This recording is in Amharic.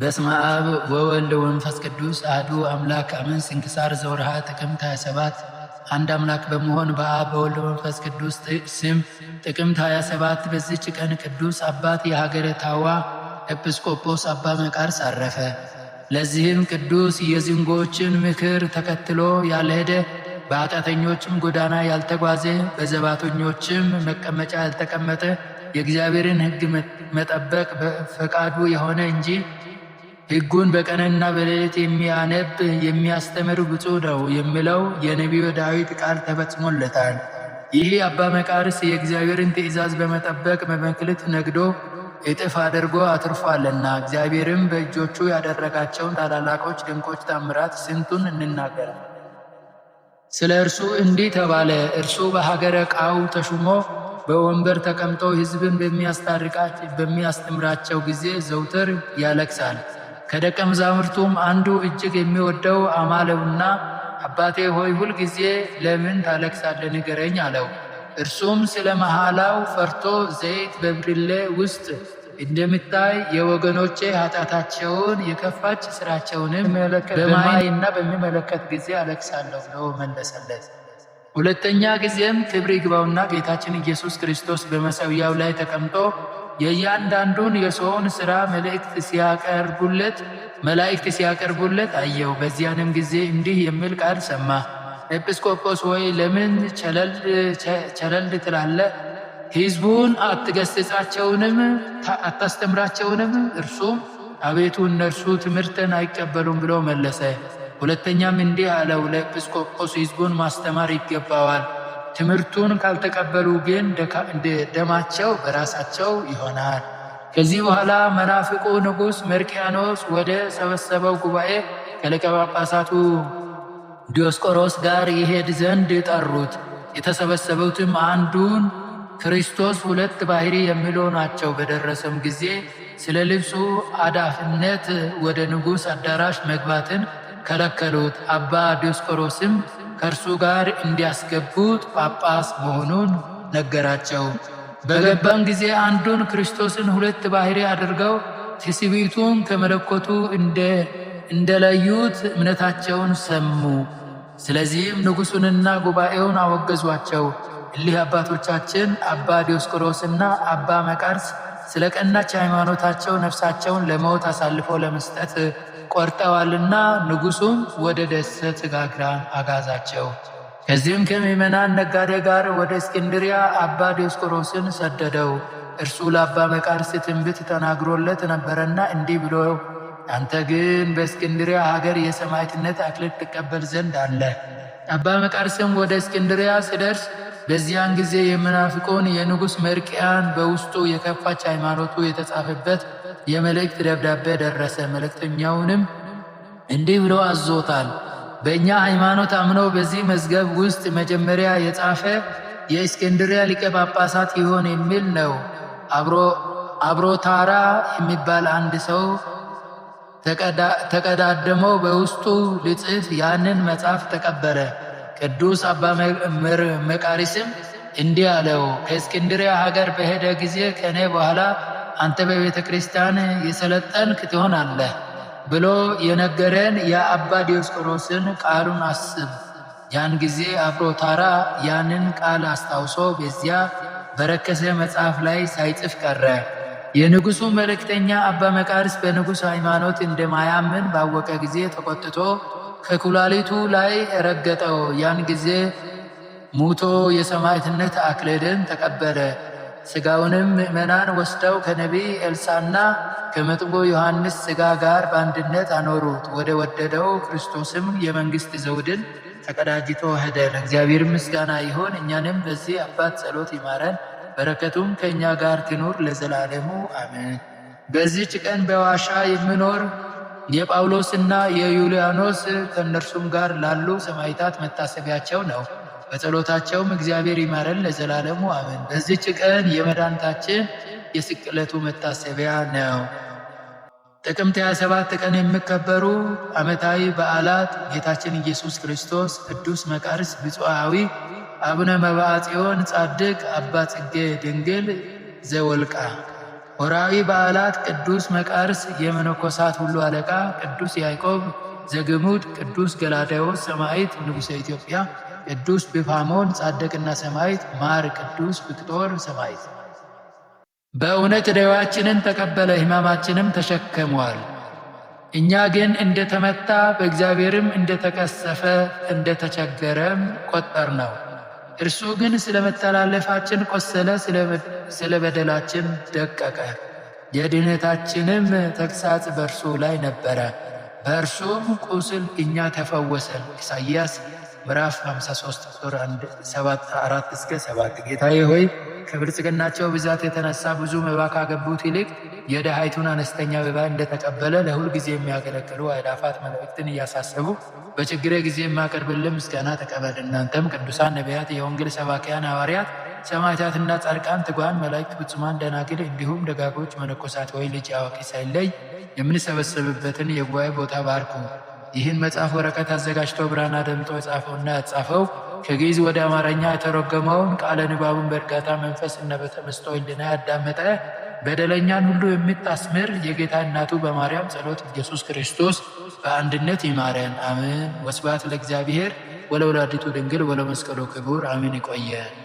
በስመ አብ ወወልድ ወመንፈስ ቅዱስ አሐዱ አምላክ አሜን። ስንክሳር ዘወርኀ ጥቅምት 27 አንድ አምላክ በመሆን በአብ በወልድ በመንፈስ ቅዱስ ስም ጥቅምት 27 በዚች ቀን ቅዱስ አባት የሀገረ ታዋ ኤጲስቆጶስ አባ መቃርስ አረፈ። ለዚህም ቅዱስ የዝንጎችን ምክር ተከትሎ ያልሄደ በኃጢአተኞችም ጎዳና ያልተጓዘ በዘባተኞችም መቀመጫ ያልተቀመጠ የእግዚአብሔርን ሕግ መጠበቅ በፈቃዱ የሆነ እንጂ ሕጉን በቀንና በሌሊት የሚያነብ የሚያስተምር ብፁ ነው የሚለው የነቢዩ ዳዊት ቃል ተፈጽሞለታል። ይህ አባ መቃርስ የእግዚአብሔርን ትእዛዝ በመጠበቅ መመክልት ነግዶ እጥፍ አድርጎ አትርፏልና እግዚአብሔርም በእጆቹ ያደረጋቸውን ታላላቆች ድንቆች ታምራት ስንቱን እንናገር። ስለ እርሱ እንዲህ ተባለ። እርሱ በሀገረ ቃው ተሹሞ በወንበር ተቀምጦ ሕዝብን በሚያስታርቃ በሚያስተምራቸው ጊዜ ዘውትር ያለቅሳል። ከደቀ መዛሙርቱም አንዱ እጅግ የሚወደው አማለውና አባቴ ሆይ ሁልጊዜ ለምን ታለቅሳለህ? ንገረኝ አለው። እርሱም ስለ መሐላው ፈርቶ ዘይት በብርሌ ውስጥ እንደምታይ የወገኖቼ ኃጢአታቸውን የከፋች ስራቸውንም በማይና በሚመለከት ጊዜ አለቅሳለሁ ብሎ መለሰለት። ሁለተኛ ጊዜም ክብር ይግባውና ጌታችን ኢየሱስ ክርስቶስ በመሠዊያው ላይ ተቀምጦ የእያንዳንዱን የሰውን ሥራ መልእክት ሲያቀርቡለት መላእክት ሲያቀርቡለት አየው። በዚያንም ጊዜ እንዲህ የሚል ቃል ሰማ። ኤጲስቆጶስ ወይ ለምን ቸለል ትላለ? ሕዝቡን አትገስጻቸውንም አታስተምራቸውንም? እርሱም አቤቱ እነርሱ ትምህርትን አይቀበሉም ብሎ መለሰ። ሁለተኛም እንዲህ አለው፣ ለኤጲስቆጶስ ሕዝቡን ማስተማር ይገባዋል ትምህርቱን ካልተቀበሉ ግን ደማቸው በራሳቸው ይሆናል። ከዚህ በኋላ መናፍቁ ንጉሥ መርኪያኖስ ወደ ሰበሰበው ጉባኤ ከሊቀ ጳጳሳቱ ዲዮስቆሮስ ጋር ይሄድ ዘንድ ጠሩት። የተሰበሰቡትም አንዱን ክርስቶስ ሁለት ባሕሪ የሚሉ ናቸው። በደረሰም ጊዜ ስለ ልብሱ አዳፍነት ወደ ንጉሥ አዳራሽ መግባትን ከለከሉት። አባ ዲዮስቆሮስም ከእርሱ ጋር እንዲያስገቡት ጳጳስ መሆኑን ነገራቸው። በገባም ጊዜ አንዱን ክርስቶስን ሁለት ባህሪ አድርገው ትስብእቱን ከመለኮቱ እንደለዩት እምነታቸውን ሰሙ። ስለዚህም ንጉሡንና ጉባኤውን አወገዟቸው። እሊህ አባቶቻችን አባ ዲዮስቆሮስና አባ መቃርስ ስለ ቀናች ሃይማኖታቸው ነፍሳቸውን ለሞት አሳልፈው ለመስጠት ቆርጠዋልና ንጉሡም ወደ ደስ ጋግራን አጋዛቸው። ከዚህም ከምዕመናን ነጋዴ ጋር ወደ እስክንድሪያ አባ ዲዮስቆሮስን ሰደደው። እርሱ ለአባ መቃርስ ትንቢት ተናግሮለት ነበረና እንዲህ ብሎ አንተ ግን በእስክንድሪያ ሀገር የሰማዕትነት አክሊል ትቀበል ዘንድ አለ። አባ መቃርስም ወደ እስክንድሪያ ሲደርስ በዚያን ጊዜ የምናፍቁን የንጉሥ መርቅያን በውስጡ የከፋች ሃይማኖቱ የተጻፈበት የመልእክት ደብዳቤ ደረሰ። መልእክተኛውንም እንዲህ ብሎ አዞታል። በእኛ ሃይማኖት አምኖ በዚህ መዝገብ ውስጥ መጀመሪያ የጻፈ የእስክንድሪያ ሊቀ ጳጳሳት ይሆን የሚል ነው። ታራ የሚባል አንድ ሰው ተቀዳደመው በውስጡ ልጽፍ ያንን መጽሐፍ ተቀበረ። ቅዱስ አባ መቃሪስም እንዲህ አለው፣ ከእስክንድሪያ ሀገር በሄደ ጊዜ ከእኔ በኋላ አንተ በቤተ ክርስቲያን የሰለጠንክ ትሆናለህ ብሎ የነገረን የአባ ዲዮስቆሮስን ቃሉን አስብ። ያን ጊዜ አፕሮታራ ያንን ቃል አስታውሶ በዚያ በረከሰ መጽሐፍ ላይ ሳይጽፍ ቀረ። የንጉሡ መልእክተኛ አባ መቃርስ በንጉሥ ሃይማኖት እንደማያምን ባወቀ ጊዜ ተቆጥቶ ከኩላሊቱ ላይ ረገጠው። ያን ጊዜ ሙቶ የሰማዕትነት አክሊልን ተቀበለ። ሥጋውንም ምዕመናን ወስደው ከነቢይ ኤልሳና ከመጥምቁ ዮሐንስ ሥጋ ጋር በአንድነት አኖሩት። ወደ ወደደው ክርስቶስም የመንግሥት ዘውድን ተቀዳጅቶ ሄደ። ለእግዚአብሔር ምስጋና ይሆን እኛንም በዚህ አባት ጸሎት ይማረን፣ በረከቱም ከእኛ ጋር ትኑር ለዘላለሙ አሜን። በዚች ቀን በዋሻ የሚኖር የጳውሎስና የዩልያኖስ ከእነርሱም ጋር ላሉ ሰማዕታት መታሰቢያቸው ነው። በጸሎታቸውም እግዚአብሔር ይማረን ለዘላለሙ አሜን። በዚች ቀን የመድኃኒታችን የስቅለቱ መታሰቢያ ነው። ጥቅምት 27 ቀን የሚከበሩ ዓመታዊ በዓላት ጌታችን ኢየሱስ ክርስቶስ፣ ቅዱስ መቃርስ ብፁዓዊ፣ አቡነ መብዓ ጽዮን ጻድቅ፣ አባ ጽጌ ድንግል ዘወልቃ። ወርሃዊ በዓላት ቅዱስ መቃርስ የመነኮሳት ሁሉ አለቃ፣ ቅዱስ ያዕቆብ ዘግሙድ፣ ቅዱስ ገላውዴዎስ ሰማዕት ንጉሠ ኢትዮጵያ ቅዱስ ጲፋሞን ጻድቅና ሰማዕት፣ ማር ቅዱስ ቪክቶር ሰማዕት። በእውነት ደዌያችንን ተቀበለ ሕማማችንም ተሸክሟል። እኛ ግን እንደተመታ በእግዚአብሔርም እንደተቀሰፈ እንደተቸገረም ቆጠርነው። እርሱ ግን ስለ መተላለፋችን ቆሰለ፣ ስለ በደላችን ደቀቀ። የድህነታችንም ተግሣጽ በእርሱ ላይ ነበረ፣ በእርሱም ቁስል እኛ ተፈወሰን። ኢሳይያስ ምዕራፍ 53 ቁጥር 74 እስከ 7 ጌታዬ ሆይ ከብልጽግናቸው ብዛት የተነሳ ብዙ መባ ካገቡት ይልቅ የድሃይቱን አነስተኛ መባ እንደተቀበለ ለሁል ጊዜ የሚያገለግሉ አእላፋት መላእክትን እያሳሰቡ በችግሬ ጊዜ የማቀርብልን ምስጋና ተቀበል። እናንተም ቅዱሳን ነቢያት፣ የወንጌል ሰባኪያን ሐዋርያት፣ ሰማዕታትና ጻድቃን፣ ትጓን መላእክት፣ ፍጹማን ደናግል፣ እንዲሁም ደጋጎች መነኮሳት ወይ ልጅ አዋቂ ሳይለይ የምንሰበሰብበትን የጉባኤ ቦታ ባርኩ። ይህን መጽሐፍ ወረቀት አዘጋጅተው ብራና ደምጦ የጻፈውና ያጻፈው ከግዕዝ ወደ አማርኛ የተረጎመውን ቃለ ንባቡን በእርጋታ መንፈስ እና በተመስጦ ሕሊና ያዳመጠ በደለኛን ሁሉ የምታስምር የጌታ እናቱ በማርያም ጸሎት ኢየሱስ ክርስቶስ በአንድነት ይማረን። አሜን። ወስብሐት ለእግዚአብሔር ወለወላዲቱ ድንግል ወለመስቀሉ ክቡር አሜን። ይቆየን።